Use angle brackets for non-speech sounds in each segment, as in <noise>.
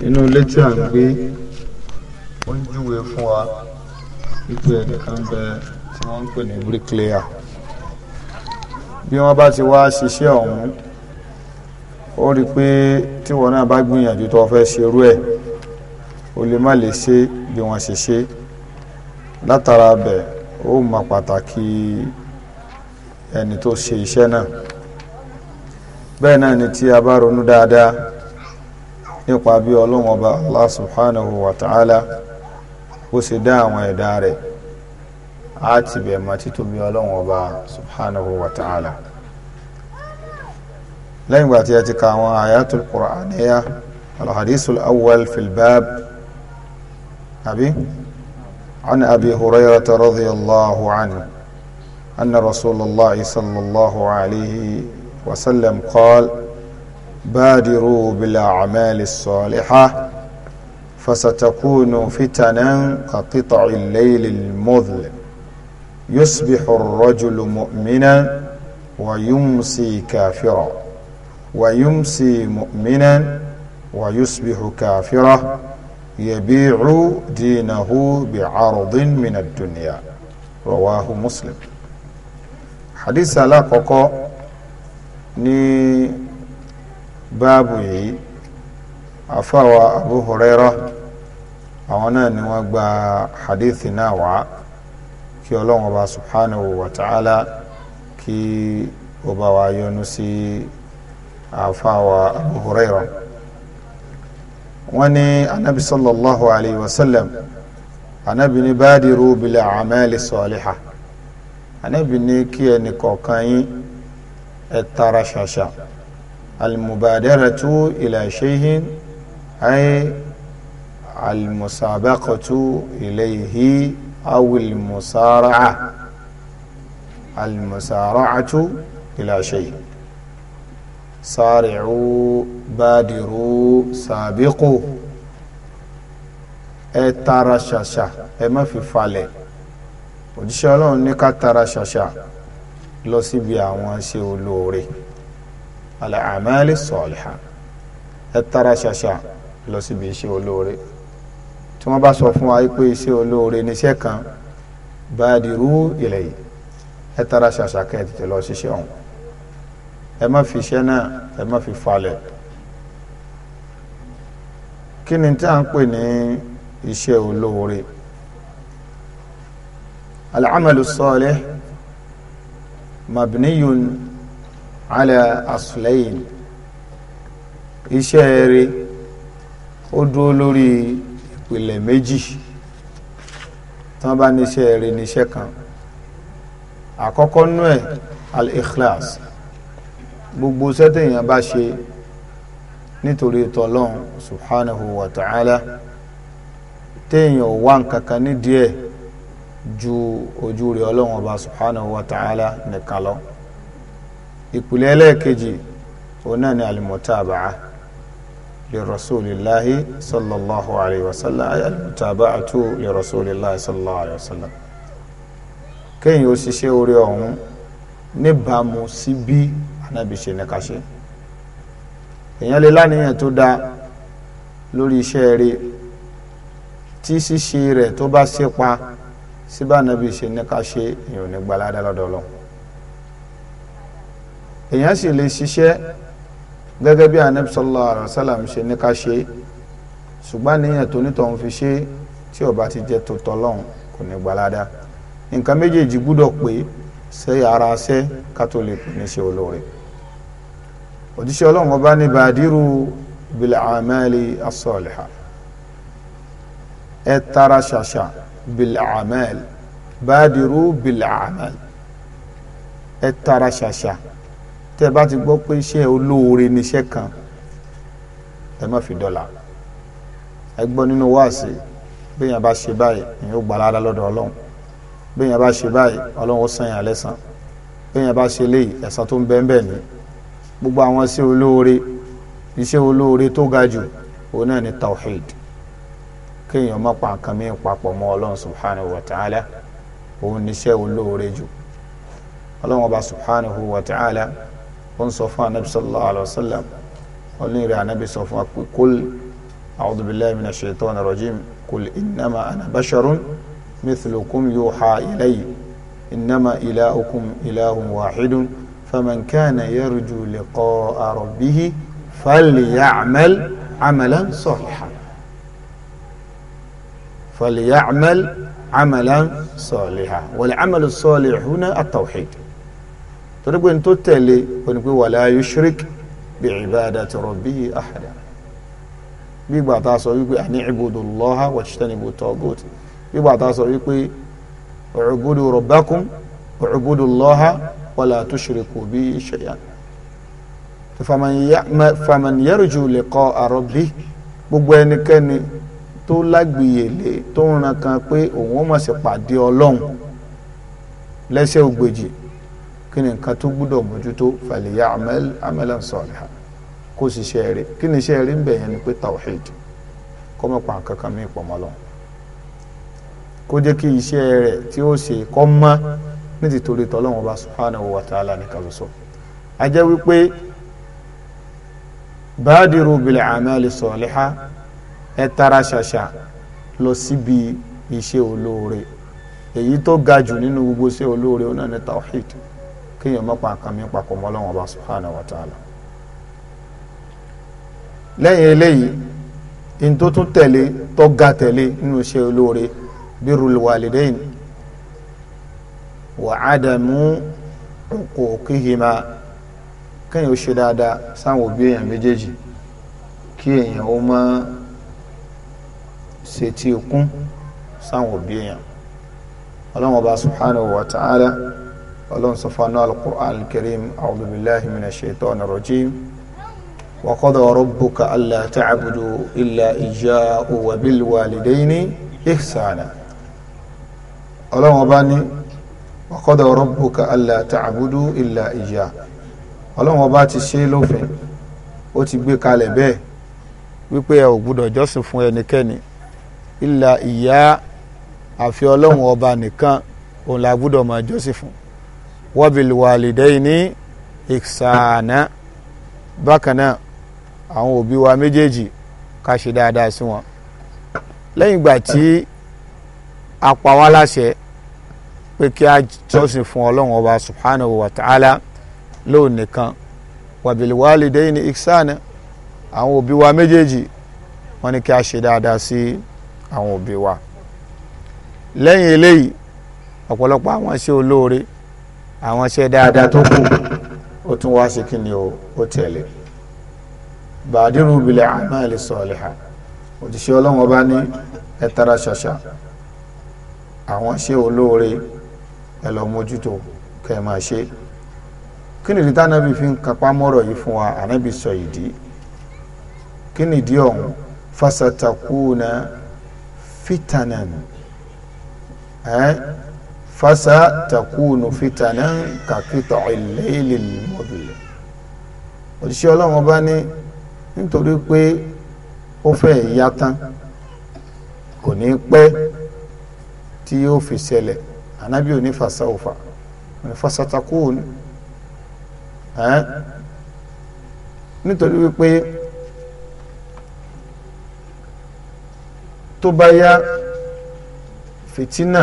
inú ilé tí à ń gbé ó ń júwe fún wa wípé ẹnìkan bẹ tí wọ́n ń pè ní bricklayer bí wọ́n bá ti wá ṣiṣẹ́ ọ̀hún ó rí i pé tíwọ náà bá gbìyànjú tó fẹ́ ṣerú ẹ̀ o lè má lè ṣe bí wọ́n ṣe ṣe látara bẹ̀ ó mọ pàtàkì ẹni tó ṣe iṣẹ́ náà bẹ́ẹ̀ náà ni tí a bá ronú dáadáa nípa bí ọlọ́run ọba allah subhanahu wa ta'ala bó ṣe dá àwọn ẹ̀dá rẹ̀ á ti bẹ̀ mọ́ títóbi ọlọ́run ọba subhanahu wa ta'ala lẹ́yìn ìgbà tí a ti ka àwọn ayatul qur'aniya alhadisul awwal filbab àbí عن أبي هريرة رضي الله عنه أن رسول الله صلى الله عليه وسلم بادروا بالأعمال الصالحة فستكون فتنا كقطع الليل المظلم يصبح الرجل مؤمنا ويمسي كافرا ويمسي مؤمنا ويصبح كافرا يبيع دينه بعرض من الدنيا رواه مسلم حديث لا كوكو ni báàbù yìí àfáwà Abu Hurairah àwọn náà ni wọ́n gba hadith náà wá kí ọlọ́run ọba subhanahu wa ta'ala kí ó bá wa yọ́nú sí àfáwà Abu Hurairah wọ́n ní anabi sallallahu alayhi wa sallam anabi ní badiru bil a'mali salihah anabi ní kí ẹnì kọ̀ọ̀kan yín ẹ tara ṣàṣà. المبادرة إلى شيء أي المسابقة إليه أو المسارعة المسارعة إلى شيء سارعوا بادروا سابقوا ẹ tara ṣàṣà ẹ má fi falẹ̀ òjíṣẹ́ ọlọ́run ní ká tara ṣàṣà lọ síbi àwọn ṣe olóore al-a'mali s-salihah ẹ tara ṣàṣà lọ síbi iṣẹ́ olóore tí wọ́n bá sọ fún wa pé iṣẹ́ olóore níṣẹ́ kan badiru ilayhi ẹ tara ṣàṣà kẹ́ ẹ tètè lọ ṣiṣẹ́ ọ̀hún ẹ má fi iṣẹ́ náà ẹ má fi falẹ̀ kí ni tí a ń pè ní iṣẹ́ olóore al-amalu s-salih ala asulayin iṣẹ́ eré ó dúró lórí ìpìlẹ̀ méjì tí wọ́n bá níṣẹ́ eré níṣẹ́ kan àkọ́kọ́ nú ẹ̀ al-ikhlas gbogbo sẹ́tẹ̀yìn bá ṣe nítorí tọ́lọ́n subhanahu wa ta'ala téèyàn ò wá nǹkan nídìí ẹ̀ ju ojú rẹ̀ ọlọ́run ọba subhanahu wa ta'ala nìkan lọ ìpìlẹ̀ ẹlẹ́ẹ̀kejì òun náà ni alimọ̀tàbàá li rasulillahi sallallahu alayhi wa sallam alimọ̀tàbàátu li rasulillahi sallallahu alayhi wa sallam kéyìn ó ṣiṣẹ́ orí ọ̀hún níbàámu sí bí anábì ṣe ní ká ṣe èèyàn lè láníyàn tó dáa lórí iṣẹ́ rẹ̀ tí ṣíṣe rẹ̀ tó bá ṣe pa síbá anábì ṣe ní ká èèyàn ò ní gbaládá lọ́dọ̀ Ọlọ́run èèyàn sì lè ṣiṣẹ́ gẹ́gẹ́ bí anabi sallallahu alayhi wa sallam ṣe ní ká ṣe ṣùgbọ́n níyàn tó nítọ̀hún fi ṣe tí ó bá ti jẹ́ tó tọ́lọ́hún kò ní gbalada nǹkan méjèèjì gbúdọ̀ pé ṣe ara ṣe ká tó lè pè ní ṣe olóore òjíṣẹ́ ọlọ́run ọba ní bàdírù bil amali as ẹ tara ṣàṣà bil amali bàdírù bil amali ẹ tara ṣàṣà tẹ́ ẹ bá ti gbọ́ pé iṣẹ́ olóore níṣẹ́ kan ẹ má fi dọ́là ẹ gbọ́ nínú wáàsí béèyàn bá ṣe báyìí èèyàn ó gbalada lọ́dọ̀ ọlọ́run béèyàn bá ṣe báyìí ọlọ́run ó san yàn lẹ́san béèyàn bá ṣe léyìí ẹ̀san tó ń bẹ́ẹ̀ bẹ́ẹ̀ ni gbogbo àwọn iṣẹ́ olóore iṣẹ́ olóore tó ga jù òun náà ni tawhid kéèyàn má pa nǹkan mí papọ̀ mọ́ ọlọ́run subhanahu wa ta'ala òun níṣẹ́ olóore jù ọlọ́run ọba subhanahu wa ta'ala قن صفوان النبي صلى الله عليه وسلم قل لي النبي صفوان قل أعوذ بالله من الشيطان الرجيم قل إنما أنا بشر مثلكم يوحى إلي إنما إلهكم إله واحد فمن كان يرجو لقاء ربه فليعمل عملا صالحا فليعمل عملا صالحا والعمل الصالح هنا التوحيد torí pé n tó tẹ̀lé o ní pé wala yushrik bi ibadati rabbihi ahada bí ìgbà tá a sọ wípé àní ibudullaha wajtanibu tagut bí ìgbà tá a sọ wípé u'budu rabbakum u'budullaha wala tushriku bihi shay'an faman yarju liqa'a rabbih gbogbo ẹnikẹ́ni tó lágbìyèlé tó ń ran pé òun ó máa ṣe pàdé ọlọ́run lẹ́sẹ̀ ògbèjì kí ni nǹkan tó gbúdọ̀ mójútó fàlẹ́yà amalan saliha kó sì ṣe eré kí ni ṣe eré ń bẹ̀ yẹn ni pé tawhid kó mọ̀ pa nǹkan kan mí pọ̀ mọ́ lọ kó jẹ́ kí iṣẹ́ rẹ̀ tí ó ṣe kó mọ́ ní ti torí tọ́lọ́wọ́n bá subhanahu wa ta'ala ní kàlùsọ a jẹ́ wípé badiru bil amali saliha ẹ tara ṣàṣà lọ síbi iṣẹ́ olóore èyí tó ga jù nínú gbogbo iṣẹ́ olóore ó náà ní tawhid kéèyàn mọ́ pa nǹkan mi papọ̀ mọ́ Ọlọ́run Ọba subhanahu wa ta'ala lẹ́yìn eléyìí in tó tún tẹ̀lé tó ga tẹ̀lé nínú iṣẹ́ olóore birrul walidain wa adamu uquqihima kéèyàn ó ṣe dáadáa sáwọn òbí èèyàn méjèèjì kí èèyàn ó má ṣe kún sáwọn òbí èèyàn Ọlọ́run Ọba subhanahu wa ta'ala ọlọ́run sọ fún anáà al-Qur'an al-Karim a'udhu billahi minash shaitani rajim wa qada rabbuka alla ta'budu illa iyyahu wa bil walidayni ihsana ọlọ́run ọba ní wa qada rabbuka alla ta'budu illa iyyahu ọlọ́run ọba ti ṣe lófin ó ti gbé kalẹ̀ bẹ́ẹ̀ wípé ẹ ò gbúdọ̀ jọ́sìn fún ẹnikẹ́ni illa iyyahu àfi ọlọ́run ọba nìkan òun la gbúdọ̀ máa jọ́sìn fún wọ́bìlwàlìdẹ́ni ìsànà bákan náà àwọn òbí wa méjèèjì ká ṣe dáadáa sí wọn lẹ́yìn ìgbà tí a pa wá láṣẹ pé kí a jọ́sìn fún ọlọ́run ọba subhanahu wa ta'ala lóun nìkan wàbìlwàlìdẹ́ni ìsànà àwọn òbí wa méjèèjì wọ́n ní kí a ṣe dáadáa sí àwọn òbí wa lẹ́yìn eléyìí ọ̀pọ̀lọpọ̀ àwọn ṣe olóore àwọn ṣe dáadáa tó kù ó tún wá sí kíni o ó tẹ̀lé bàdírù bilẹ̀ àmàlì sọ̀lìhà òjíṣẹ́ ọlọ́wọ́n bá ní ẹ tara ṣàṣà àwọn ṣe olóore ẹ lọ mójútó kẹ máa ṣe kí nìdí tánàbí fi ń kapá mọ́rọ̀ yìí fún wa ànábì sọ ìdí kí nìdí ọ̀hún fasatakuna fitanan ẹ́ eh? fasa takunu fitana kakita ìlẹ́ẹ̀lì mọ́bìlì òṣìṣẹ́ ọlọ́run ọba ní nítorí pé ó fẹ́ yá tán kò ní pẹ́ tí yóò fi ṣẹlẹ̀ ànábì òní fasa òfà fasa takunu nítorí wípé tó bá ya fìtínà.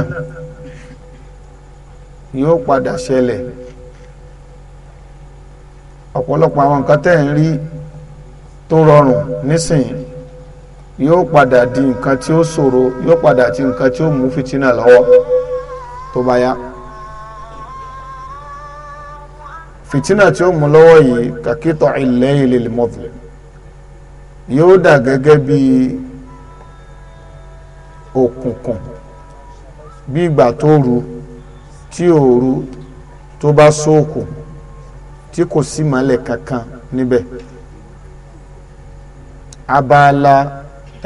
yóò padà ṣẹlẹ̀ ọ̀pọ̀lọpọ̀ àwọn nǹkan tẹ́ ń rí tó rọrùn nísìnyí yóò padà di nǹkan tí ó ṣòro yóò padà di nǹkan tí ó mú fìtínà lọ́wọ́ tó bá yá tí ó mú lọ́wọ́ yìí kàkítọ̀ ilẹ̀ ilẹ̀ lèmọ́tò yóò dà gẹ́gẹ́ bí òkùnkùn bí ìgbà tó rú tí òru tó bá sóòkù tí kò sí mọ́lẹ̀ kankan níbẹ̀ abala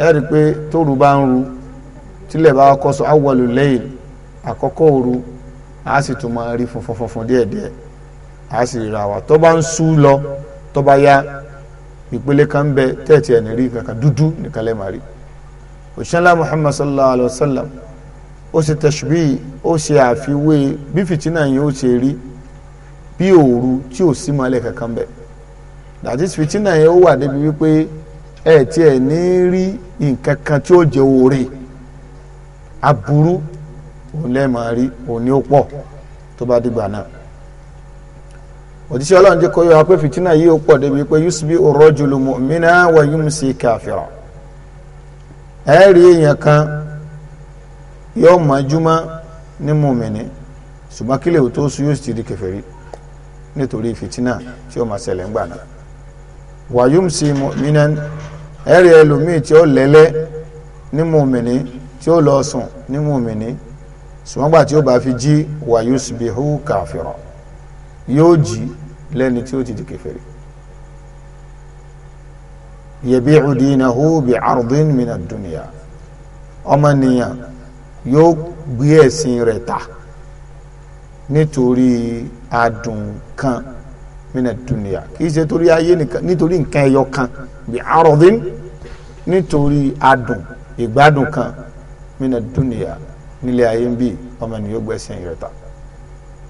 ẹ̀rí pé tóru bá ń ru tílẹ̀ bá kọ́ sọ awọlù lẹ́yìn àkọ́kọ́ òru a sì tún máa rí funfun funfun díẹ̀díẹ̀ a sì rà wá tó bá ń sú lọ tó bá yá ìpele kan bẹ tẹ́ẹ̀tì ẹ̀ ní rí kankan dúdú nìkan lẹ́ẹ̀ máa rí òṣìṣẹ́ ńlá Muhammad sallallahu alayhi wa sallam ó se tẹ̀sùbí ó ṣe àfiwé bí fìtínà yìí ó ṣe rí bí òru tí ò sí mọ́lẹ̀ kankan bẹ̀ dàtí fìtínà yẹn ó wà débi wípé ẹ tiẹ̀ ní rí nǹkan kan tí ó o oore aburú òun lẹ́ẹ̀ máa rí òun ni ó pọ̀ tó bá dìgbà náà òjíṣẹ́ ọlọ́run jẹ́ kó yọ pé fìtínà yìí ó pọ̀ débi pé yusufi rọ́jùlù mọ̀mínà wà yumsi kàfírà ẹ̀ rí èèyàn kan yóò mọ̀júmọ́ ní mùmìnì ṣùgbọ́n kílẹ̀ ò tó sùn yóò sì ti di kèfèrí nítorí fìtínà tí ó máa ṣẹlẹ̀ ńgbà náà wàyúm sí mùmìnà ẹ̀rí ẹlòmíì tí ó lẹ́lẹ́ ní mùmìnì tí ó lọ sùn ní mùmìnì ṣùgbọ́n gbà tí ó bá fi jí wàyú síbi hù kàfìrọ̀ yóò jí lẹ́ni tí ó ti di kèfèrí yẹ̀bí ìdí iná hù bí àrùndín mìíràn dúnìyà ọmọ yóò gbé ẹ̀sìn rẹ̀ ta nítorí adùn kan mina dunia kì í ṣe torí ayé nìkan nítorí nǹkan ẹyọ kan bí arọ́dín nítorí adùn ìgbádùn kan mina dunia nílé ayé ń bí ọmọ ènìyàn yóò gbẹ̀sìn rẹ̀ ta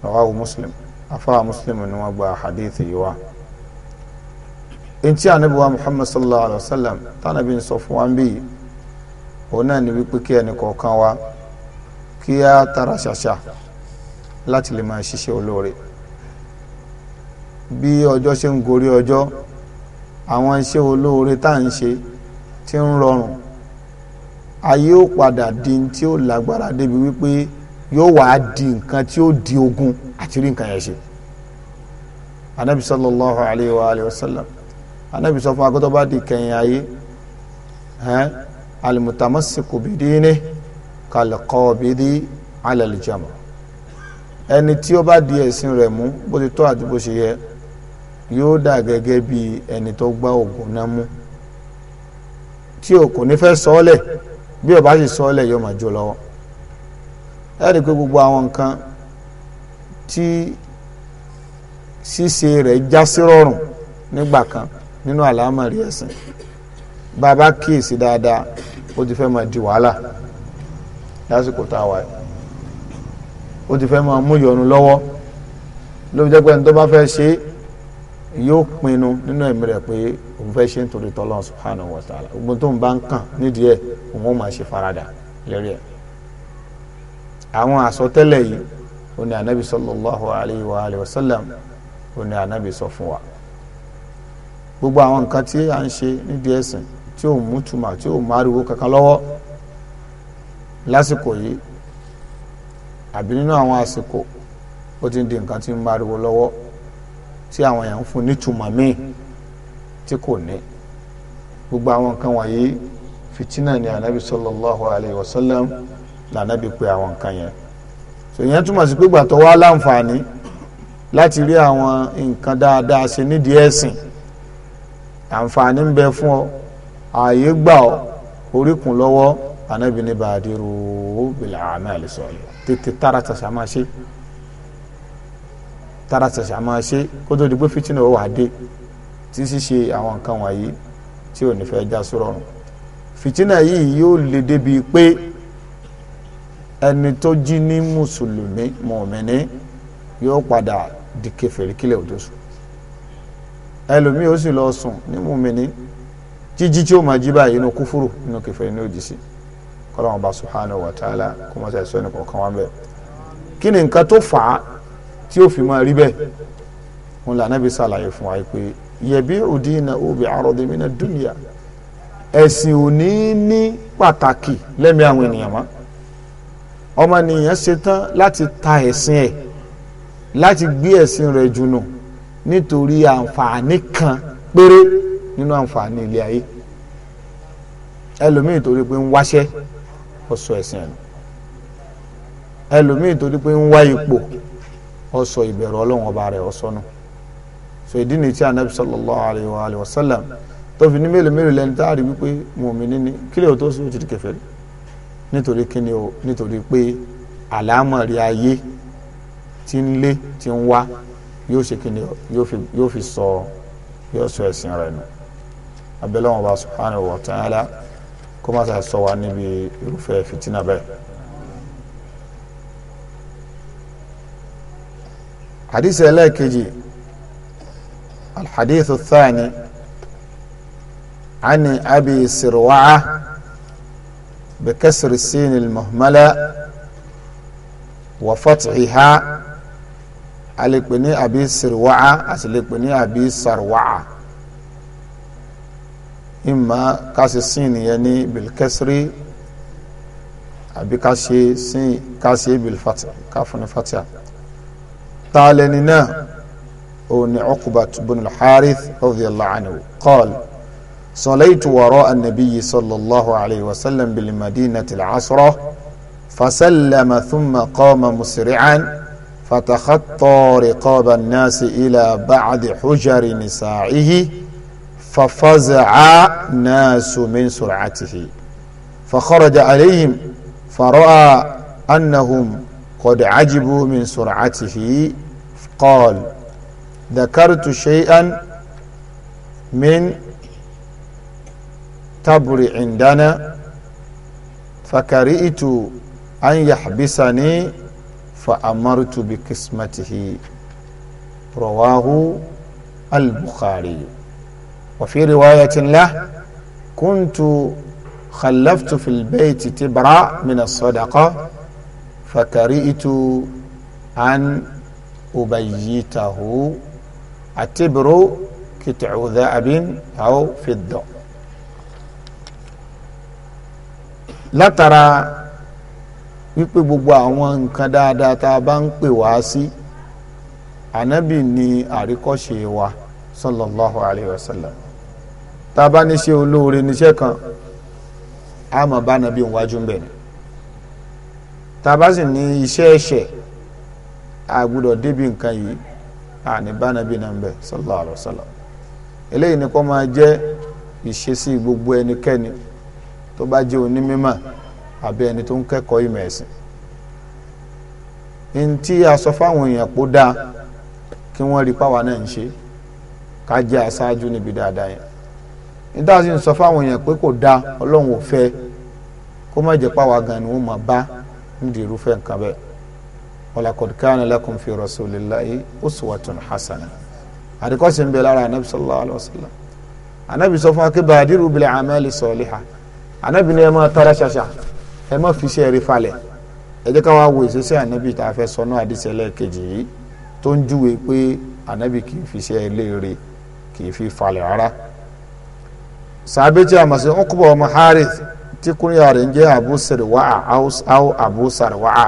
rawahu muslim afa muslim ni wọ́n gba hadithi yìí wá ntí anabiwa muhammad sallallahu alaihi wa sallam tánàbí ń sọ fún wa ń bí òun náà ni wípé kí ẹnì kọ̀ọ̀kan wa kí á tara ṣàṣà láti lè máa ṣiṣẹ́ olóore bí ọjọ́ ṣe ń gorí ọjọ́ àwọn iṣẹ́ olóore tá à ń ṣe tí ń rọrùn ayé ó padà di tí ó lágbára débi wípé yóò wàá di nǹkan tí ó di ogun àti rí nǹkan yẹn ṣe anabi sallallahu alayhi wa alayhi wa sallam anabi sọ fún akótó bá di kẹyìn ayé alimutamasiku bidini kalqabidi ala al-jamr ẹni tí ó bá di ẹ̀sìn rẹ̀ mú bó ti tọ́ àti bó ṣe yẹ yóò dà gẹ́gẹ́ bí ẹni tó gbá ògùn náà mú tí o kò ní fẹ́ sọ́ọ́lẹ̀ bí o bá sì sọ́ọ́lẹ̀ yóò máa jó lọ́wọ́ ẹ rí i pé gbogbo àwọn nǹkan tí ṣíṣe rẹ̀ já sí rọrùn nígbà kan nínú àlámọ̀rí ẹ̀sìn bàbá kíyèsí dáadáa ó ti fẹ́ máa di wàhálà lásìkò tá a wà yìí ó ti fẹ́ máa mú ìyọnu lọ́wọ́ ló fi jẹ́ pé ẹni tó bá fẹ́ ṣe yóò pinnu nínú ẹ̀mí rẹ̀ pé òun fẹ́ ṣe nítorí tọ́lọ́run subhanahu wa ta'ala ogun tó ń bá ń kàn nídìí ẹ̀ òun ó máa ṣe faradà lérí ẹ̀ àwọn àsọtẹ́lẹ̀ yìí ó ní anabi sallallahu alayhi wa alayhi wa sallam ó ní anabi sọ fún wa gbogbo àwọn nǹkan tí a ń ṣe nídìí ẹ̀sìn tí ò mú tuma tí ò má ariwo kankan lọ́wọ́ lásìkò yìí àbí nínú àwọn àsìkò ó ti ń di nǹkan tí ń mariwo lọ́wọ́ tí àwọn èèyàn ń fún nítumọ̀ míì tí kò ní gbogbo àwọn nǹkan wọ̀nyí fìtínà ni anabi sallallahu alayhi wa sallam lànàbí pé àwọn nǹkan yẹn so ìyẹn túmọ̀ sí pé gbàtọ̀ wá láǹfààní láti rí àwọn nǹkan dáadáa ṣe nídìí ẹ̀sìn àǹfààní ń bẹ fún ọ ààyè gbà ọ oríkùn lọ́wọ́ anabi ní baadiru bil a'mal salih tètè tara tàṣà máa ṣe tara tàṣà máa ṣe kó tó di pé fitinà wà dé tí ṣíṣe àwọn nǹkan wọ̀nyí tí ò ní fẹ́ já sí rọrùn fitinà yìí yóò lè débi pé ẹni tó jí ní mùsùlùmí mọ̀mìnì yóò padà di kèfèrí kílẹ̀ òjò sùn ẹlòmíì ó sùn ní mọ̀mìnì jíjí tí ó máa jí báyìí inú kúfúrù inú kèfèrí ní òjì sí i kọ́lọ́mù bá subhanahu wa ta'ala kó mọ́ sẹ́yìn sọ́ni kọ̀ọ̀kan wá bẹ́ẹ̀. kí ni nǹkan tó fà á tí ó fi máa rí bẹ́ẹ̀ wọn là nábì sàlàyé fún wa pé yẹ̀bí òdì iná òbí àròdì mi náà dúnìyà ẹ̀sìn ò ní ní pàtàkì lẹ́mìí àwọn ènìyàn mọ́ ọmọnìyàn ṣetán láti ta ẹ̀sìn ẹ̀ láti gbé ẹ̀sìn rẹ̀ jùnù nítorí àǹfààní kan péré nínú àǹfààní ilé ayé ẹlòmíì torí pé ń wáṣẹ́ ọ̀sọ̀ ẹ̀sìn ẹ̀ ẹlòmíì torí pé ń wá ipò ọ̀sọ̀ ìbẹ̀rù ọlọ́run ọba rẹ̀ ọ̀sọ̀ nù so ìdí ni tí anabi sallallahu alayhi wa alayhi wa sallam ní mélòó mélòó lẹni tá a rí wípé mùmíní ni kílẹ̀ ò tó sùn ó ti di kèfèrí nítorí kíni o nítorí pé àlámọ̀rí ayé tí ń lé tí ń wá yóò ṣe kíni o yóò fi sọ yóò sọ ẹ̀sìn rẹ̀ nù abẹ́lẹ́ wọn bá subhanahu wa ta'ala kó má sà sọ wa níbi irúfẹ́ fìtínà bẹ́ẹ̀. hadith ẹlẹ́ẹ̀kejì alhadith thani ani abi sirwaca bikasri sin almuhmala wa fatciha a lè pè ní abi sirwaca a abi sarwaca. إما كاس السين يعني بالكسر أبي كاسي سين كاسي بالفتح كافن فتح لنا أون عقبة بن الحارث رضي الله عنه قال صليت وراء النبي صلى الله عليه وسلم بالمدينة العصرة فسلم ثم قام مسرعا فتخطى رقاب الناس إلى بعد حجر نسائه ففزع ناس من سرعته فخرج عليهم فرأى أنهم قد عجبوا من سرعته قال ذكرت شيئا من تبر عندنا فكرئت أن يحبسني فأمرت بقسمته رواه البخاري وفي رواية له كنت خلفت في البيت تبرا من الصدقة فكرهت أن أبيته التبر قطع ذهب أو فضة لا ترى wípé gbogbo àwọn nǹkan dáadáa tá a bá ń pè wá sí ànábì ni àríkọ́ṣe wa sallallahu alayhi wa sallam tá a bá ní ṣe olóore níṣẹ́ kan a mọ̀ bá nàbí òun wájú ń bẹ̀ ni tá bá sì ní iṣẹ́ ẹ̀ṣẹ̀ a gbúdọ̀ débi nǹkan yìí a ní bá nàbí náà ń bẹ̀ sallallahu alaihi wasallam eléyìí ni kó máa jẹ́ ìṣesí gbogbo ẹnikẹ́ni tó bá jẹ́ onímímọ̀ àbí ẹni tó ń kẹ́kọ̀ọ́ ìmọ̀ ẹ̀sìn ní tí a sọ fáwọn èèyàn pó dáa kí wọ́n rí páwa náà ń ṣe ká jẹ́ aṣáájú níbi dáadáa yẹn níta sì ń sọ fáwọn èèyàn pé kò dáa ọlọ́run ò fẹ́ kó má jẹ́ pàwọ́ gan ni wọ́n máa bá nídìí irúfẹ́ nǹkan bẹ́ẹ̀ walaqad kana lakum fi rasulillahi uswatun hasana àdìkọ́sí ń bẹ lára anabi sallallahu alayhi wa sallam anabi sọ fún wa kí badiru bil amali soliha anabi ni ẹ máa tara ṣaṣa ẹ máa fi ṣe ẹrí falẹ̀ ẹ jẹ́ ká wá wo ìṣesẹ́ anabi tá a fẹ́ sọ àdìsẹ́ lẹ́ẹ̀kejì yìí tó ń júwe pé anabi kì í fi ṣe ẹlẹ́ẹ̀rẹ́ kì í fi falẹ̀ rárá sàbẹ̀ tí a mọ̀ sí Uqba ọmọ Harith tí kúnyà rẹ̀ ń jẹ́ Abu Sarwa'a aw Abu Sarwa'a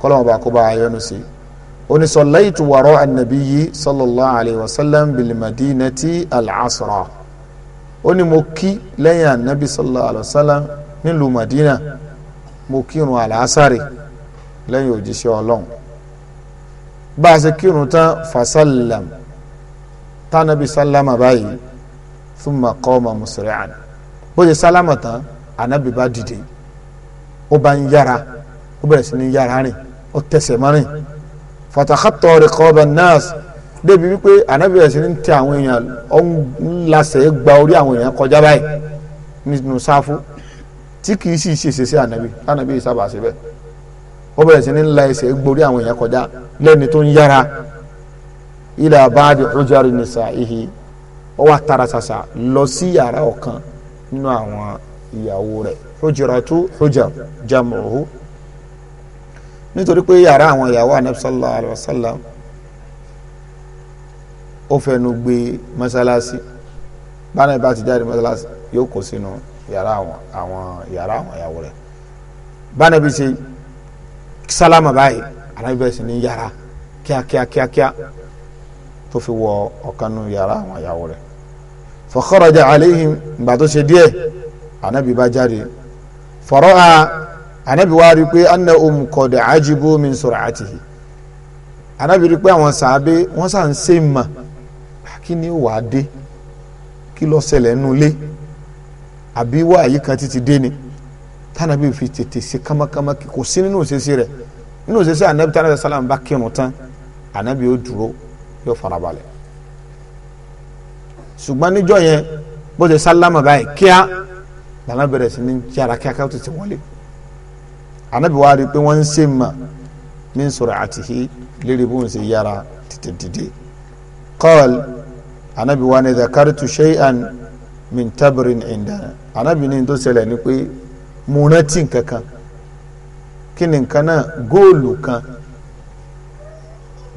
kọ́lọ́mọ̀ bá kó bá a yọnu sí oni sọlẹ́yìí wàrọ̀ ànàbíyí sallallahu alayhi wa sallam bilimadinati al-asra ó ní mo kí lẹ́yìn ànábì sallallahu alayhi wa sallam nílùú madina mo kírun àlàásàrè lẹ́yìn òjíṣẹ́ ọlọ́run bá a ṣe kírun tán fasalam tánàbí sálámà báyìí thumma qama musri'an bó ṣe sálámà tán ànábì bá dìde ó bá ń yára ó bẹ̀rẹ̀ sí ní yára rìn ó tẹsẹ̀ mọ́ rìn fatakhatta riqaba an-nas débi wípé ànábì bẹ̀rẹ̀ sí ní tẹ àwọn èèyàn ó ń lasẹ̀ gba orí àwọn èèyàn kọjá báyìí nínú sáfù tí kì sì ṣe ṣe ànábì ànábì yìí sábà ṣe bẹ́ẹ̀ ó bẹ̀rẹ̀ sí ní la ẹsẹ̀ gborí àwọn èèyàn kọjá lẹ́ni tó ń yára ila ba'di hujari nisa'ihi ó wá tara ṣàṣà lọ sí yàrá ọ̀kan nínú àwọn ìyàwó rẹ̀ hujratu hujjar jamuhu nítorí pé yàrá àwọn ìyàwó anabi sallallahu alayhi wa sallam ó fẹnu gbé mọ́sálásí báwọn ẹ̀ bá ti jáde mọ́sálásí yóò kó sínú yàrá àwọn àwọn yàrá àwọn ìyàwó rẹ̀ báwọn ẹ̀ bí ṣe sálámà báyìí anabi ní yàrá kíákíákíákíá tó fi wọ ọ̀kanú yàrá àwọn ìyàwó rẹ̀ fọkọrọjà aleihim ìgbà tó ṣe díẹ̀ anabi bá jáde fọrọ a anabi wá rí pé anna ohun kọdà ajibu min sur'atihi anabi rí pé àwọn sàábé wọn sàn ṣe mà kí ni wàá dé kí ló ṣẹlẹ̀ nulẹ̀ àbí wá àyè kan títí dé ni tánàbí fi tètè ṣe kámákámá kò sí nínú òṣèṣe rẹ̀ nínú òṣèṣe anabi tánàbí sálàmù bá kírun tán anabi yóò dúró yóò farabalẹ̀ ṣùgbọ́n níjọ́ yẹn bó ṣe sálámà báyìí kíá lànà bẹ̀rẹ̀ sí ní tí ara kíá káwọ́ tètè wọlé ànábì wa rí i pé wọ́n ń ṣe mà ní sọ̀rọ̀ àtìhí lérí bóun ṣe yára tètè dìde kọ́ọ̀l ànábì wa ní zakaritu shay'an min tabirin indana ànábì ní tó ṣẹlẹ̀ ni pé mo rántí nǹkan kí ni nǹkan náà góòlù kan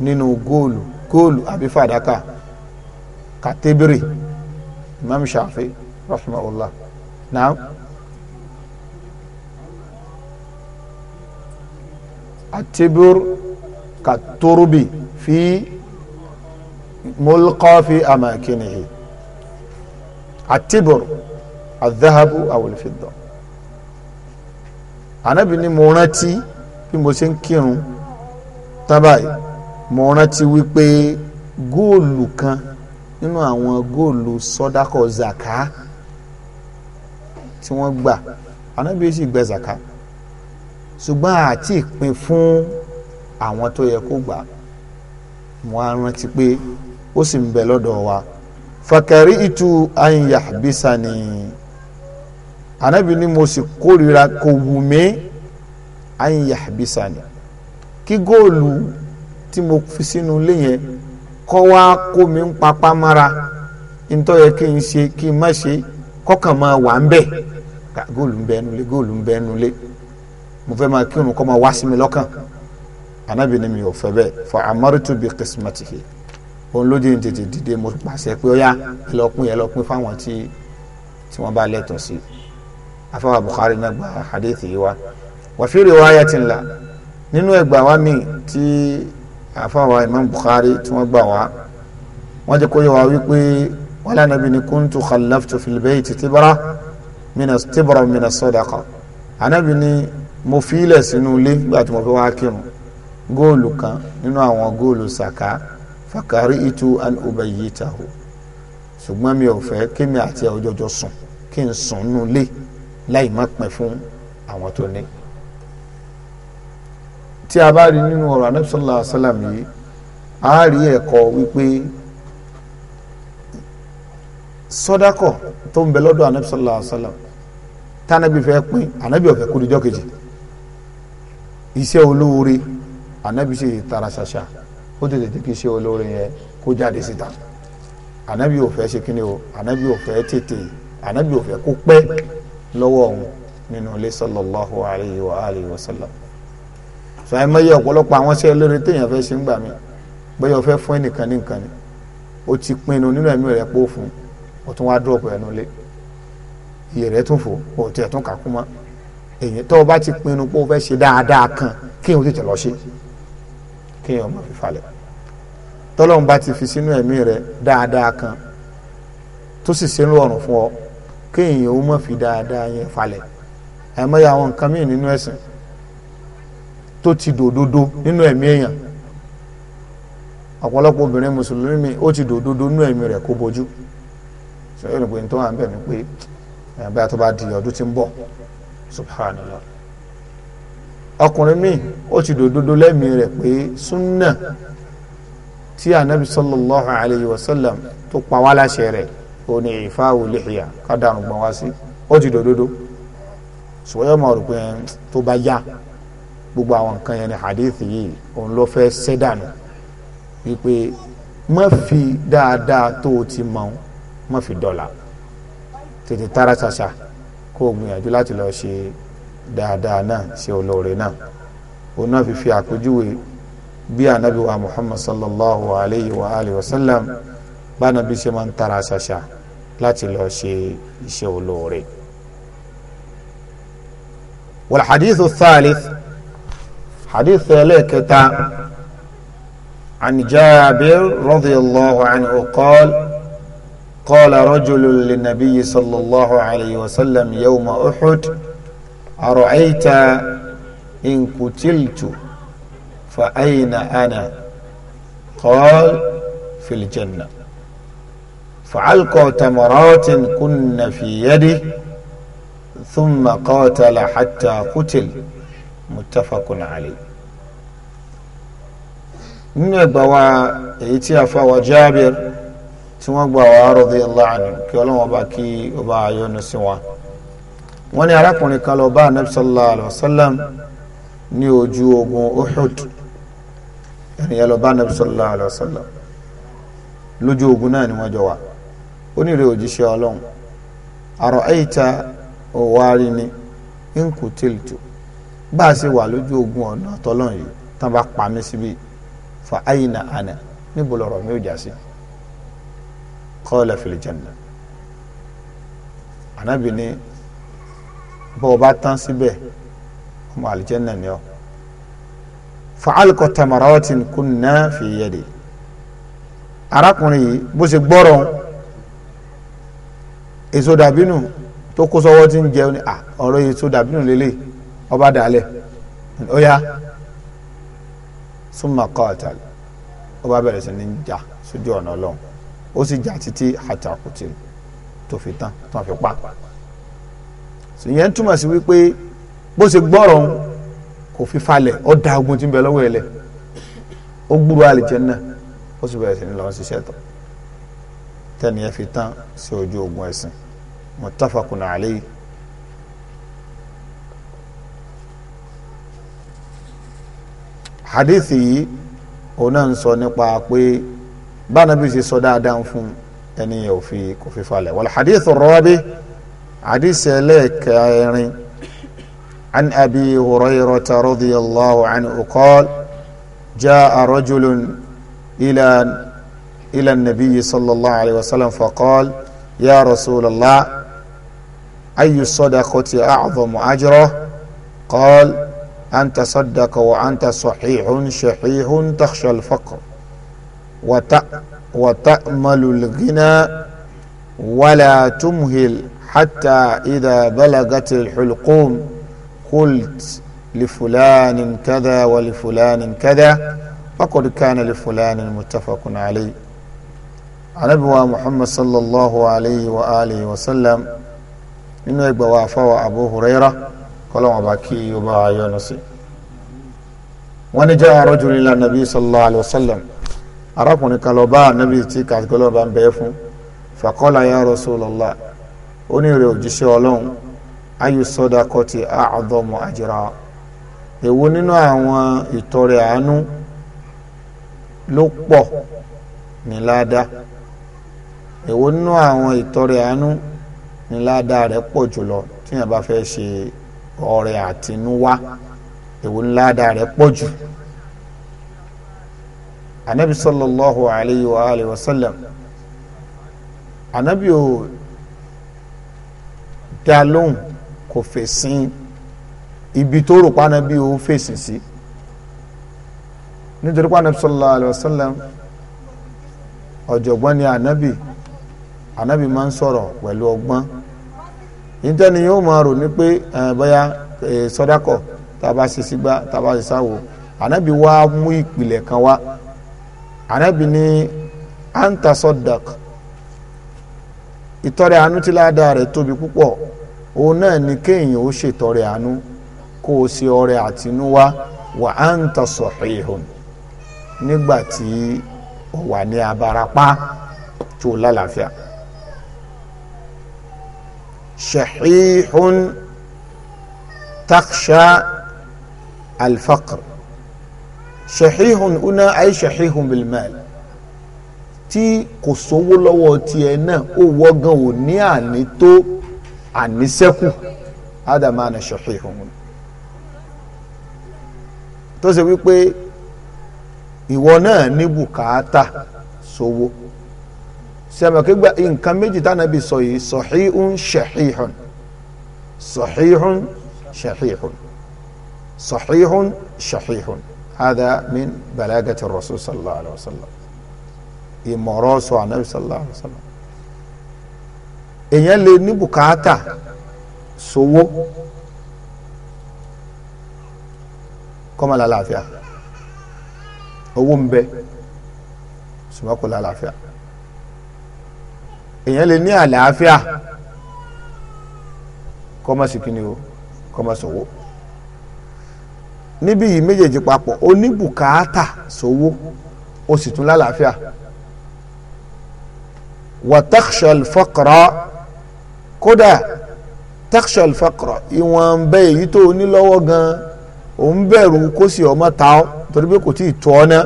nínú góòlù góòlù àbí fàdákà katibiri imam shafi rahimahullah naam atibir katurubi fi mulqa fi amakinihi atibir adhahabu aw alfidda anabi ni mo rántí bí mo ṣe ń kírun tábàyí mo rántí góòlù kan nínú àwọn góòlù sọdákọ zaka tí wọ́n gbà anábì sì gbẹ zaka ṣùgbọ́n àti ìpín fún àwọn tó yẹ kó gbà wọn á rántí pé ó sì ń bẹ lọ́dọ̀ wa fàkàrí ìtú àyìnyà bísà ni anábì ni mo sì kórìíra kò wù mí àyìnyà bísà ni kí góòlù tí mo fi sínú ilé yẹn kọ́ wá kó mi ń papá mara ntọ́ yẹ kí n ṣe kí n má ṣe kọ́kàn máa wà ń bẹ̀ góòlù ń bẹ́ẹ̀ nulẹ̀ góòlù ń bẹ́ẹ̀ nulẹ̀ mo fẹ́ máa kírun kọ́ máa wá sí mi lọ́kàn anabi ni mi ò fẹ́ bẹ́ẹ̀ fa amaritu bi kismatihi òun ló dé tètè dìde mo pàṣẹ pé ó yá ẹ lọ pín ẹ lọ pín fáwọn tí tí wọ́n bá lẹ́tọ̀ọ́ sí afáwà Bukhari náà gba hadith yìí wá wàfíìrì wáyà ti ń la nínú ẹgbàá wa mi tí àfáwà imam bukhari tí wọ́n gbà wá wọ́n jẹ́ kó yẹ wá wípé wọ́n lánà bí ní kuntu khallaftu fil bayti tibra minas tibra minas sadaqa anábì ní mo fílẹ̀ sínú ilé nígbà tí mo fẹ́ wá kírun góòlù kan nínú àwọn góòlù sàká fakari itu an ubayyitahu ṣùgbọ́n mi ò fẹ́ kí mi àti ọjọ́jọ́ sùn kí n sùn nulẹ̀ láì má pẹ́ fún àwọn tó ní tí a bá rí nínú ọ̀rọ̀ Ànábì sallallahu alaihi wasallam yìí a rí ẹ̀kọ́ wípé sọ́dákọ̀ tó ń bẹ lọ́dọ̀ Ànábì sallallahu alaihi wasallam tánábì fẹ́ pín ànábì ọ̀fẹ́ kó dijọ́ kejì iṣẹ́ olóore ànábì ṣe tara ṣaṣa ó tètè tí kì í olóore yẹn kó jáde síta ànábì ọ̀fẹ́ ṣe kíni o ànábì ọ̀fẹ́ tètè ànábì ọ̀fẹ́ kó pẹ́ lọ́wọ́ òun nínú ilé sallallahu alayhi wa alayhi sàmẹ́yẹ ọ̀pọ̀lọpọ̀ àwọn sẹ́yẹ lórí téèyàn fẹ́ ṣe ń gbà mí bẹ́ẹ̀ yọ fẹ́ fún ẹnìkan ní ni ó ti pinnu nínú ẹ̀mí rẹ̀ pọ̀ fún ó tún wá dúrọ̀pù ẹnu lé iye rẹ̀ tún fò ó tiẹ̀ tún kà kúmọ́ èyí tó o bá ti pinnu pé o fẹ́ ṣe dáadáa kan kéèyàn tètè lọ ṣe kéèyàn má fi falẹ̀ tọ́lọ́run bá ti fi sínú ẹ̀mí rẹ̀ dáadáa kan tó sì ṣe ń rọrùn fún ọ kéèyàn ó má fi dáadáa yẹn falẹ̀ àìmọye àwọn nǹkan míì nínú ẹ̀sìn tó ti dòdodo nínú ẹ̀mí èèyàn ọ̀pọ̀lọpọ̀ obìnrin mùsùlùmí mi ó ti dòdodo nínú ẹ̀mí rẹ̀ kó bojú ṣe é rògbòyìn tó wà ń bẹ̀ mí pé ẹ̀yàn bá tó bá di ọdún tí ń bọ̀ subhanallah ọkùnrin mi ó ti dòdodo lẹ́mí rẹ̀ pé súnà tí anabi sallallahu alayhi wa sallam tó pa wá láṣẹ rẹ̀ ó ní ìfáwò lìhìyà ká dànù gbọ̀n wá sí ó ti dòdodo ṣùgbọ́n yóò máa rò pé tó bá yá gbogbo àwọn nǹkan yẹn ni hadith yìí òun ló fẹ́ sẹ́dànù wípé má fi dáadáa tó o ti mọ̀ má fi dọ̀là tètè tara ṣàṣà kó o gbìyànjú láti lọ ṣe dáadáa náà ṣe olóore náà òun náà fi fi àpèjúwe bí anabi wa muhammad sallallahu alayhi wa alihi wa sallam bá anabi ṣe máa ń tara ṣàṣà láti lọ ṣe iṣẹ́ olóore. والحديث الثالث hadith ẹlẹ́ẹ̀kẹta anijabir radiyallahu anhu qala qala rajulun linabiyyi sallallahu alayhi wa sallam yawma uhud ara'ayta in kutiltu fa ayna ana qala fil janna فألقى تمرات كن في يده ثم قاتل حتى قتل muttafaqun alayhi nínú ẹgbà wa èyí tí a fa wa Jabir tí wọ́n gbà wá radiyallahu anhu kí ọlọ́wọ́n bá kí ọba ayọ́nu sí wa wọ́n ní arákùnrin kan lọ bá anabi sallallahu alayhi wa sallam ní ojú ogun Uhud ẹnìyẹn lọ bá anabi sallallahu lójú ogun náà ni wọ́n jọ wà ó ní ìrẹ̀ òjíṣẹ́ ọlọ́run àrọ̀ ẹ̀yìta ọ̀wárí ni in bá a ṣe wà lójú ogun ọ̀nà tọ́lọ́n yìí tán bá pa mí síbi fa ayna ana níbo lọ̀rọ̀ mi ò já sí qala fil janna ànábì ní bọ́ ọ bá tán síbẹ̀ ọmọ àlìjẹ́nà ni ọ fa alqa tamaratin kunna fi yadi arákùnrin yìí bó ṣe gbọ́rọ̀ èso dàbínú tó kó sọ́wọ́ tí ń jẹun ni ọ̀rọ̀ èso dàbínú lélẹ́yìí ọba dalẹ̀ ọya súnmọ́ kọ́ọ̀tà ọba bẹ̀rẹ̀ sí ní jà sójú ọ̀nà ọlọ́run ó sì jà títí àtàkùtì tó fi tán tó fi pa ìyẹn túmọ̀ sí wípé bó ṣe gbọ́rọ̀ òun kò fi falẹ̀ ó da ogun tí ń bẹ lọ́wọ́ ẹ̀ lẹ̀ ó gbúrò àlìjẹ́nnà ó sì bẹ̀rẹ̀ sí ní lọ́wọ́ ṣiṣẹ́ tán tẹ́niyẹn fi tán sí ojú ogun ẹ̀sìn muttafaqun alayhi. hadith yìí òun náà ń sọ nípa pé bánabi ṣe sọ dáadáa fún ẹni yẹn ò fi kò fi falẹ̀ wal hadith rabi hadith ẹlẹ́ẹ̀kẹrin an abi hurayrata radiyallahu anhu qala jaa rajulun ila ila nabiyyi sallallahu alayhi wa sallam faqala ya rasulallah ayu sadaqati a'zamu ajra qala. أنت صدق وأنت صحيح شحيح تخشى الفقر وتأمل الغنى ولا تمهل حتى إذا بلغت الحلقوم قلت لفلان كذا ولفلان كذا فقد كان لفلان متفق عليه عن أبو محمد صلى الله عليه وآله وسلم إنه يبقى أبو هريرة kọ́lọ́wọ́n bá kí ó bá yọ́nú sí. wọ́n ní jẹ́ rajul ila nàbí sallallahu alayhi wa sallam arákùnrin kan lọ bá nàbí tí kàtíkọ́lọ́ bá ń bẹ́ẹ̀ fún faqala ya Rasulullah ó ní rẹ̀ òjíṣẹ́ ọlọ́run ayu sadaqati a'dhamu ajra èwo nínú àwọn ìtọrẹ àánú ló pọ̀ ní èwo nínú àwọn ìtọrẹ àánú ní rẹ̀ pọ̀ jùlọ tíyẹn bá fẹ́ ṣe ọrẹ àtinúwá èwo ńlá dáa rẹ̀ pọ̀ jù anabi sallallahu alayhi wa alayhi wa sallam anabi ò dá lóhùn kò fèsìn ibi tó rò pàánà bí ó fèsì sí nítorí pàánà sallallahu alaihi wasallam ọ̀jọ̀gbọ́n ni ànábì ànábì máa ń sọ̀rọ̀ pẹ̀lú ọgbọ́n ìtẹ́ni yóò máa rò ní pé bóyá sọ́dákọ̀ tàbá ṣe sígbá tàbá ṣe sáwò ànábì wá mú ìpìlẹ̀ kan wá ànábì ní anta sọ́dàk ìtọrẹ àánú tí ládàá rẹ̀ tóbi púpọ̀ òun náà ni kéèyàn ó ṣètọrẹ àánú kó o ṣe ọrẹ àtinúwá wà anta sahihun nígbà tí ó wà ní abarapá tó lálàáfíà. La شحيح تخشى الفقر شحيح هنا أي شحيح بالمال tí kò sówó lọ́wọ́ tiẹ̀ náà ó wọ́gán ò ní àní tó àní sẹ́kù ádámà náà ṣọ̀hìhùn tó ṣe wípé ìwọ náà ní bùkátà sówó. So sẹmọkẹgbà nǹkan méjì tá nàbí sọ yìí sọhíhun ṣẹhíhun sọhíhun ṣẹhíhun sọhíhun ṣẹhíhun hada min balagati rasul sallallahu alayhi wa sallam ìmọ̀rọ̀ sọ anabi sallallahu alayhi wa sallam èèyàn lè ní bùkátà sowó kọ́mọ lálàáfíà owó ń bẹ sùmọ́kù lálàáfíà. La èèyàn lè ní àlàáfíà kọ́mọ̀sì kìíní o kọ́mọ̀sọ̀wọ́ níbí yìí méjèèjì papọ̀ ó ní bùkátà sówó ó sì tún lálàáfíà wà takshal faqra kódà takshal faqra ìwọ̀n bẹ́ èyí tó ní lọ́wọ́ gan òun bẹ̀rù kó sì ọmọ ta ọ́ torí pé kò tí ì tọ́ ọ́ ná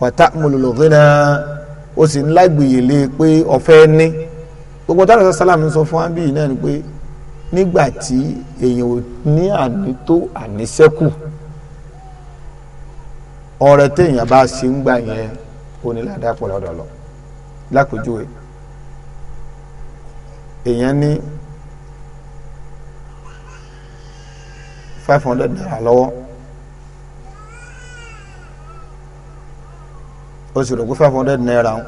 wà ta'mulul ghina ó sì ń lágbèyèlé pé ọ̀fẹ́ ní gbogbo táwọn ọ̀sán sálàmù sọ fún ábíyì náà ni pé nígbà tí èèyàn ò ní àní tó àní sẹ́kù ọ̀rẹ́ téèyàn bá ṣe ń gbà yẹn onílàdá pọ̀ lọ́dọ̀ lápèjúwe èèyàn ní five hundred naira lọ́wọ́. o sì rò pé five hundred naira ń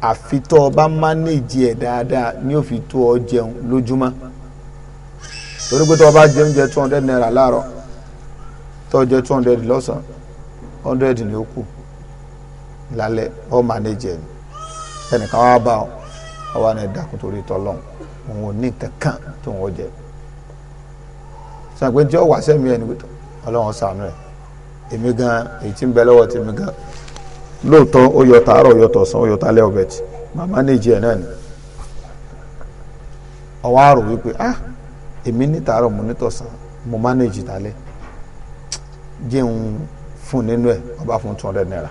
àfi tó o bá ẹ̀ dáadáa ni ó fi tó ọ jẹun lójúmọ́ torí pé tó o bá jẹun jẹ two hundred naira láàárọ̀ tó o jẹ two hundred lọ́sàn-án hundred ni ó kù lálẹ́ ọ mánéèjì ẹ̀ ẹnìkan wá bá ọ ọ wà ní ìdákun torí tọ́lọ́n òun ò ní kankan tó ń wọ́n jẹ sọ pé tí ó wà sẹ́mi ẹ̀ nígbà tó ọlọ́run ṣàánú ẹ̀ èmi gan èyí tí ń bẹ lọ́wọ́ tèmi gan lóòótọ́ ó yọ tààrọ̀ ó yọ tọ̀sán ó yọ tálẹ́ ọbẹ̀ tì màmá nìjì ẹ̀ náà ni ọwọ́ àrò wípé ah èmi ní tààrọ̀ mo ní tọ̀sán mo manage tálẹ́ jẹun fún nínú ẹ̀ ọba fún two hundred naira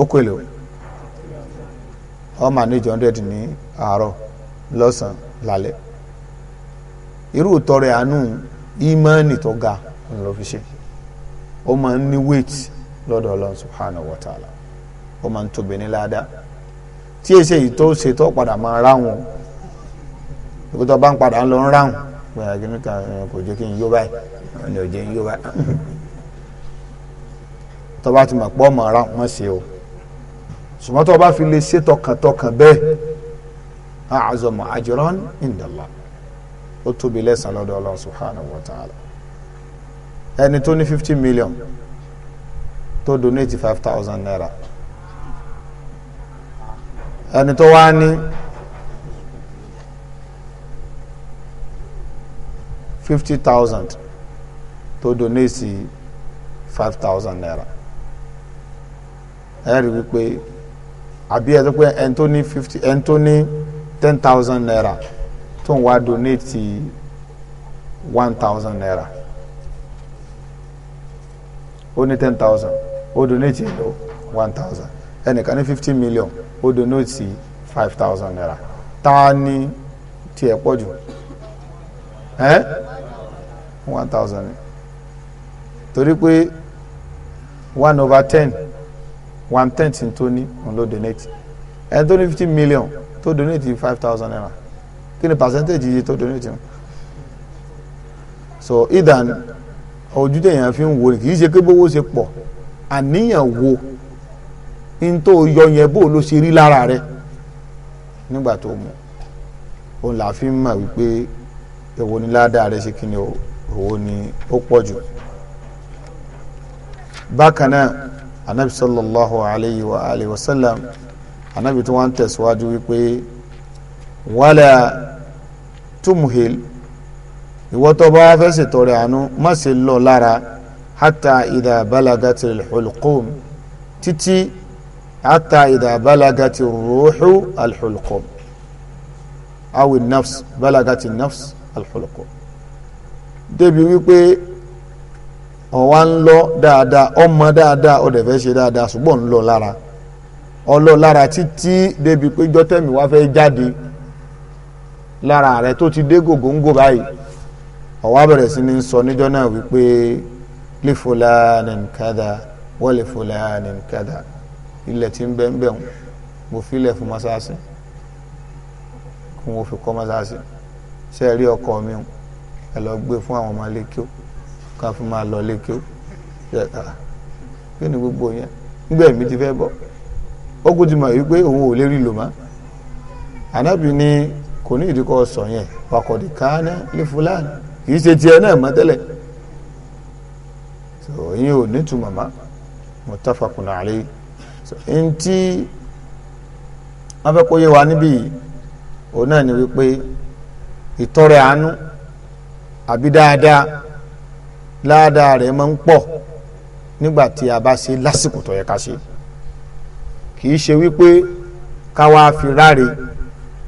ó kò èlò ọ manage hundred ní àárọ̀ lọ́sàn-án lálẹ́ irú ìtọrẹ àánú ìmọ̀ọ́nì tó ga ńlọ fi ṣe ó máa ń ní weight lọ́dọ̀ ọlọ́run subhanahu wa ta'ala ó máa ń tóbi ní ládàá tí èsì èyí tó ṣe tó padà máa ráhùn ìkótó bá ń padà ń lọ ń ráhùn gbàgbà kìíní kan kò jẹ́ kí n yó báyìí ẹni ò jẹ́ n yó báyìí <laughs> tó bá ti mọ̀ pọ́ mọ̀ ráhùn mọ̀ ṣe o ṣùgbọ́n tó bá fi lè ṣe tọkàntọkàn bẹ́ẹ̀ a'zamu ajran inda Allah ó tóbi lẹ́san lọ́dọ̀ ọlọ́run subhanahu wa ta'ala ẹni tó ní fifty million tó donate five thousand naira ẹni tó wá ní fifty thousand tó donate five thousand naira ẹ rí wípé àbí ẹ tó pé ẹni tó ní fifty ẹni tó ní ten thousand naira tó ń wá donate one thousand naira ó ní ten thousand ó donate èlò one thousand ẹnìkan ní fifteen million ó donate five thousand naira ta ni tiẹ̀ pọ̀ jù ẹ́ one thousand torí pé one over ten one tenth tó ní òun ló donate ẹni tó ní fifteen million tó donate five thousand naira kí ni percentage yìí tó donate so idan ojú tẹ̀yàn fi ń wo ni kì í ṣe pé bówó ṣe pọ̀ àníyàn wo n tó yọ yẹn bó ló ṣe rí lára rẹ nígbà tó mú òun là fi ń mọ̀ wípé èwo ni ládàá rẹ ṣe kí ni òwò ni ó pọ̀ jù bákan náà anabi sallallahu alayhi wa alayhi wa sallam anabi tí wọ́n tẹ̀síwájú wípé wala tumuhil ìwọ tó bá fẹ́ ṣètọrẹ àánú má ṣe lọ lára hata ìdá balagati alḥulqum títí hata ìdá balagati ruuxu alḥulqum awi nafs balagati nafs alḥulqum débi wípé ọ̀wá ń lọ dáadáa ọmọ dáadáa ọ̀dẹ̀ fẹ́ ṣe dáadáa ṣùgbọ́n ń lọ lára ọlọ lára títí débi pé jọ́tẹ̀mí wá fẹ́ jáde lára rẹ̀ tó ti dé gògóńgò báyìí ó wá bẹ̀rẹ̀ sí ní sọ níjọ́ náà wípé lífola nìkadà wọ́lẹ̀ nìkadà ilẹ̀ tí ń bẹ́ ń ọkọ mi ń ẹ lọ gbé fún àwọn ọmọ lẹ́kíó ká fi máa lọ ni gbogbo yẹn nígbà mi ti fẹ́ bọ́ ó kú ti mọ̀ wípé òun ò lè rí lò má ni kò ní ìdíkọ̀ sọ kì í ṣe tiẹ̀ náà mọ́ tẹ́lẹ̀ so yín ò ní tu màmá muttafaqun alayhi so n tí wọ́n fẹ́ kó yé wa níbí òun náà ni wípé ìtọrẹ àánú àbí dáadáa láadáa rẹ̀ máa ń pọ̀ nígbà tí a bá ṣe lásìkò tó yẹ ká ṣe kì í ṣe wípé ká wá fi ráre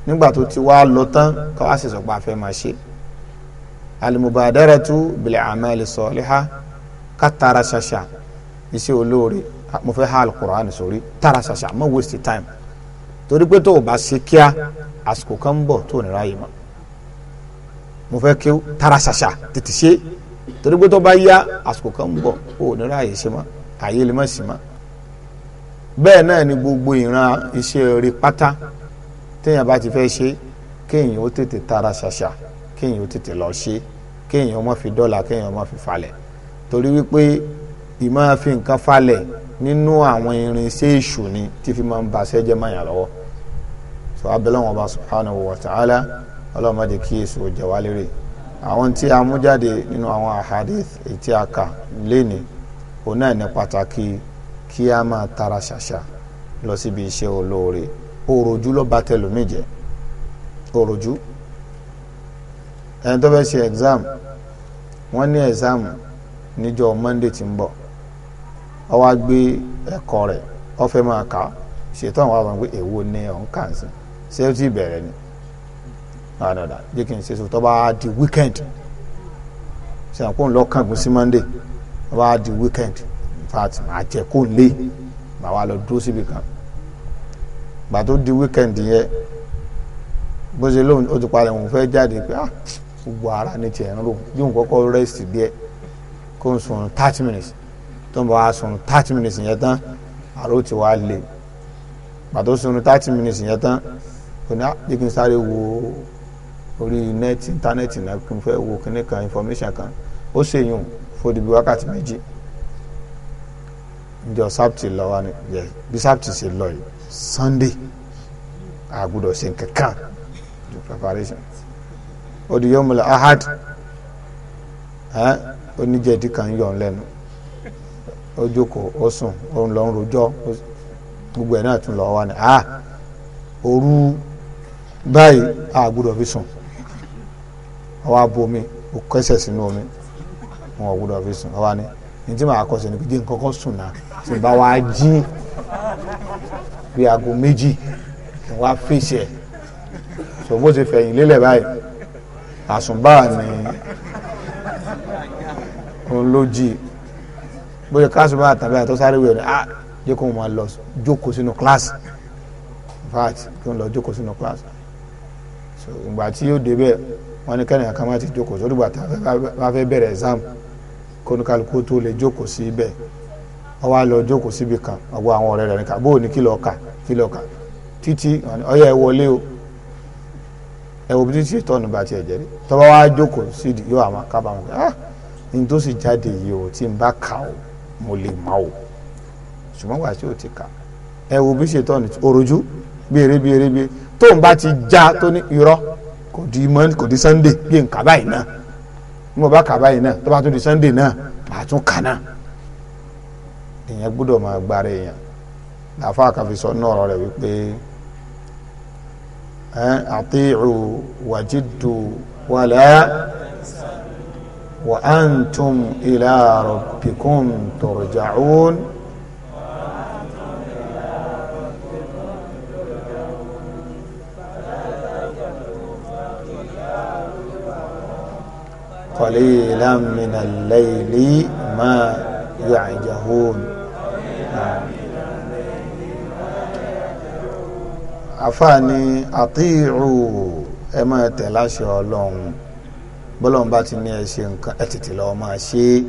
nígbà tó ti wá lọ tán ká wá sì sọ pé a fẹ́ máa ṣe alimubadaratu bilẹ̀ amali sọ̀liha ká tara ṣaṣa iṣẹ́ olóore mo fẹ́ ha alukur'an sórí tara ṣaṣa má waste time torí pé tó o bá ṣe kíá àsìkò kan ń bọ̀ tó o nira yìí mọ́ mo fẹ́ kí tara ṣaṣa tètè ṣe torí pé tó o bá yá àsìkò kan ń bọ̀ o nira yìí ṣe mọ́ àyè lè má sí mọ́ bẹ́ẹ̀ náà ni gbogbo ìran iṣẹ́ rí pátá téèyàn bá ti fẹ́ ṣe kéèyàn ó tètè tara ṣaṣa kéèyàn tètè lọ ṣe kéèyàn má fi dọ́là kéèyàn má fi falẹ̀ torí wípé ìmọ̀ fi nǹkan falẹ̀ nínú àwọn irinṣẹ́ èṣù ni tí fi máa ń ba sẹ́jẹ́ mọ̀yàn lọ́wọ́ so abẹ́lẹ́ wọn bá subhanahu wa ta'ala ọlọ́mọdé kí èso jẹ wá lérè àwọn tí a mú jáde nínú àwọn ahadith ètí a kà léni òun náà ní pàtàkì kí a máa tara ṣàṣà lọ síbi iṣẹ́ olóore òròjú ló bà tẹlòmíì jẹ́ òròjú ẹni exam wọ́n ní exam níjọ́ monday ti ń gbé ẹ̀kọ́ rẹ̀ máa kà ṣètò àwọn àwọn èwo ni ọ̀hún kà ń ni àdàdà jẹ́ kí n ṣe sọ́tọ́ bá di weekend ṣe àpòun sí monday ó bá di weekend in fact màá jẹ́ kó lé màá wá lọ dúró síbi kan gbà tó di weekend yẹn bó ṣe lóun ó ah, gbogbo ara ní tiẹ̀ ń rò bí òun kọ́kọ́ rẹ́sì díẹ̀ kó n sùn thirty minutes tó ń bọ̀ wá sùn thirty minutes yẹn tán àrò tí wàá lè pàtó sùn thirty minutes yẹn tán kò ní àdékùn ah, sáré wo orí nẹ́ẹ̀tì íńtánẹ́ẹ̀tì náà kí n fẹ́ wo kíní kan information kan ó ṣèyùn fòdì bí wákàtí méjì njọ sábtì lọ wa ni yẹ bí sábtì ṣe lọ yìí sunday àgùdọ̀ ṣe nǹkan kan preparation odi yomul ahad ẹ oníjẹ̀dí kan yọ̀ lẹ́nu ó jókòó ó sùn ó ń lọ ń gbogbo ẹ̀ náà tún lọ wá ní a òru báyìí a gbọ́dọ̀ fi sùn ọwọ́ abo mi ó kẹsẹ̀ sínú omi wọn ò gbọ́dọ̀ fi sùn ọwọ́ ni ní tí màá kọsẹ̀ ní sùn náà sì bá wa jí bí aago méjì wá fèsì ẹ̀ sọ bó ṣe fẹ̀yìn lélẹ̀ báyìí. àsùnbà ni olójì bóyá kásùnbà tàbí àtọ́ sáré wẹ̀ ni a ah, jẹ́ kó máa lọ jókòó sínú kíláàsì vat kó lọ jókòó sínú kíláàsì so ìgbà tí yóò débẹ̀ wọn ní kẹ́nìyàn kan máa ti jókòó sórí ìgbà tá a fẹ́ bẹ̀rẹ̀ exam kónúkálukú tó lè jókòó sí ibẹ̀ wọ́n wá lọ jókòó síbi kan ọgbọ́n àwọn ọ̀rẹ́ rẹ̀ nìkan bóò ní kí lọ́ọ́ kà kí lọ́ọ́ kà títí ọyẹ́ wọlé o. ẹ wo bí tí ṣe tọ́nu bá tiẹ̀ jẹ́rí tọ́ba wá jókòó sídi yóò àwọn kábàámọ̀ pé ah ní tó sì jáde yìí o tí n bá kà o mo lè má o ṣùgbọ́n wàá tí o ti kà ẹ wo bí ṣe tọ́nu òròjú béèrè béèrè béèrè tó n bá ti já tó ní irọ́ kò di monday kò di sunday gbé nǹkan báyìí náà bí mo bá kà báyìí náà tó bá tún di sunday náà màá tún kà náà èèyàn gbọ́dọ̀ máa gbára èèyàn làáfàá kan sọ náà ọ̀rọ̀ wípé. أطيعوا وجدوا ولا وأنتم إلى ربكم ترجعون قليلا من الليل ما يعجهون àfààní àtìrù ẹ máa tẹ̀ láṣẹ ọlọ́run bọ́lọ́run bá ti ní ẹ ṣe nǹkan ẹ tètè lọ́ọ́ máa ṣe é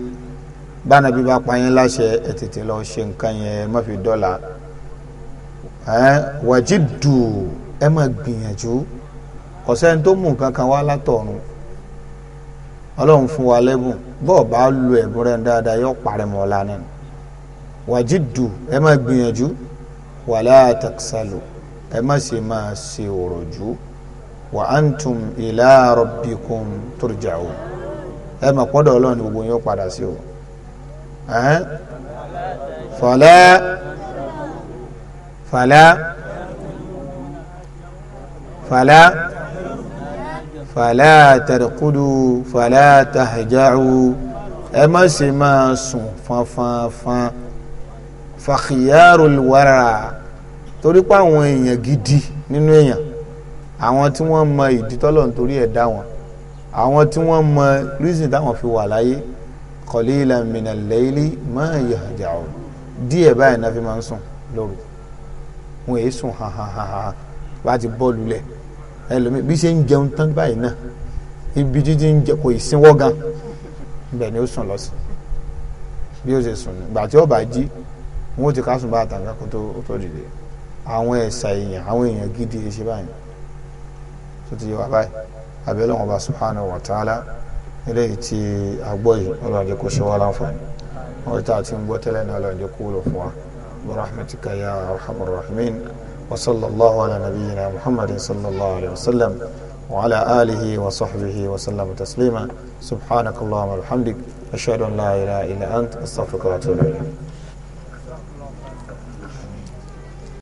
bána bí bá pa yín láṣẹ ẹ tètè lọ́ọ́ ṣe nǹkan yẹn má fi dọ́là wàjídù ẹ máa gbìyànjú ọ̀sẹ́ni tó mú nǹkan wá látọ̀run ọlọ́run fún wa lẹ́bùn bọ́ọ̀ bá lu ẹ̀bùn rẹ̀ dáadáa yóò parẹ́ mọ́ ọ̀la náà wàjídù ẹ máa gbìyànjú wàlá taksalu ẹ má ṣe máa ṣe òròjú wa antum ila rabbikum turja'un ẹ mà pọ́dọ̀ ọlọ́run ní gbogbo yín ó padà sí o fala fala fala fala tarqudu fala tahja'u ẹ má ṣe máa sùn fanfanfan fakhiyarul wara torí pé àwọn èèyàn gidi nínú èèyàn àwọn tí wọ́n mọ ìdí tọ́lọ̀ nítorí ẹ̀ dá wọn àwọn tí wọ́n mọ reason táwọn fi wà láyé qalilan minal layli ma yahja'un díẹ̀ báyìí náà fi máa ń sùn lóru wọn èyí sùn hahahaha bá ti bọ́ọ̀lù ẹlòmíì bí ṣe ń jẹun tán báyìí náà ibi jíjí ń jẹ kò ì gan bẹ́ẹ̀ ni ó sùn lọ sí bí ó ṣe sùn nígbà tí ó bá jí wọn ó ti ká sùn bá àtàkà kó tó dìde àwọn ẹ̀sà èèyàn àwọn èèyàn gidi ṣe báyìí tó ti yẹ wá báyìí abẹ́lẹ́ wọn bá subhanahu wa ta'ala eléyìí tí a gbọ́ yìí ọlọ́run jẹ́ kó ṣe wá láǹfààní wọ́n ti àti ń gbọ́ tẹ́lẹ̀ náà ọlọ́run jẹ́ kó wúlò fún wa rahmatika ya arhamar rahimin wa sallallahu ala nabiyyina muhammadin sallallahu alayhi wa sallam wa ala alihi wa sahbihi wa sallam taslima subhanakallahumma wa bihamdik ashhadu an la ilaha illa ant astaghfiruka wa atubu ilayk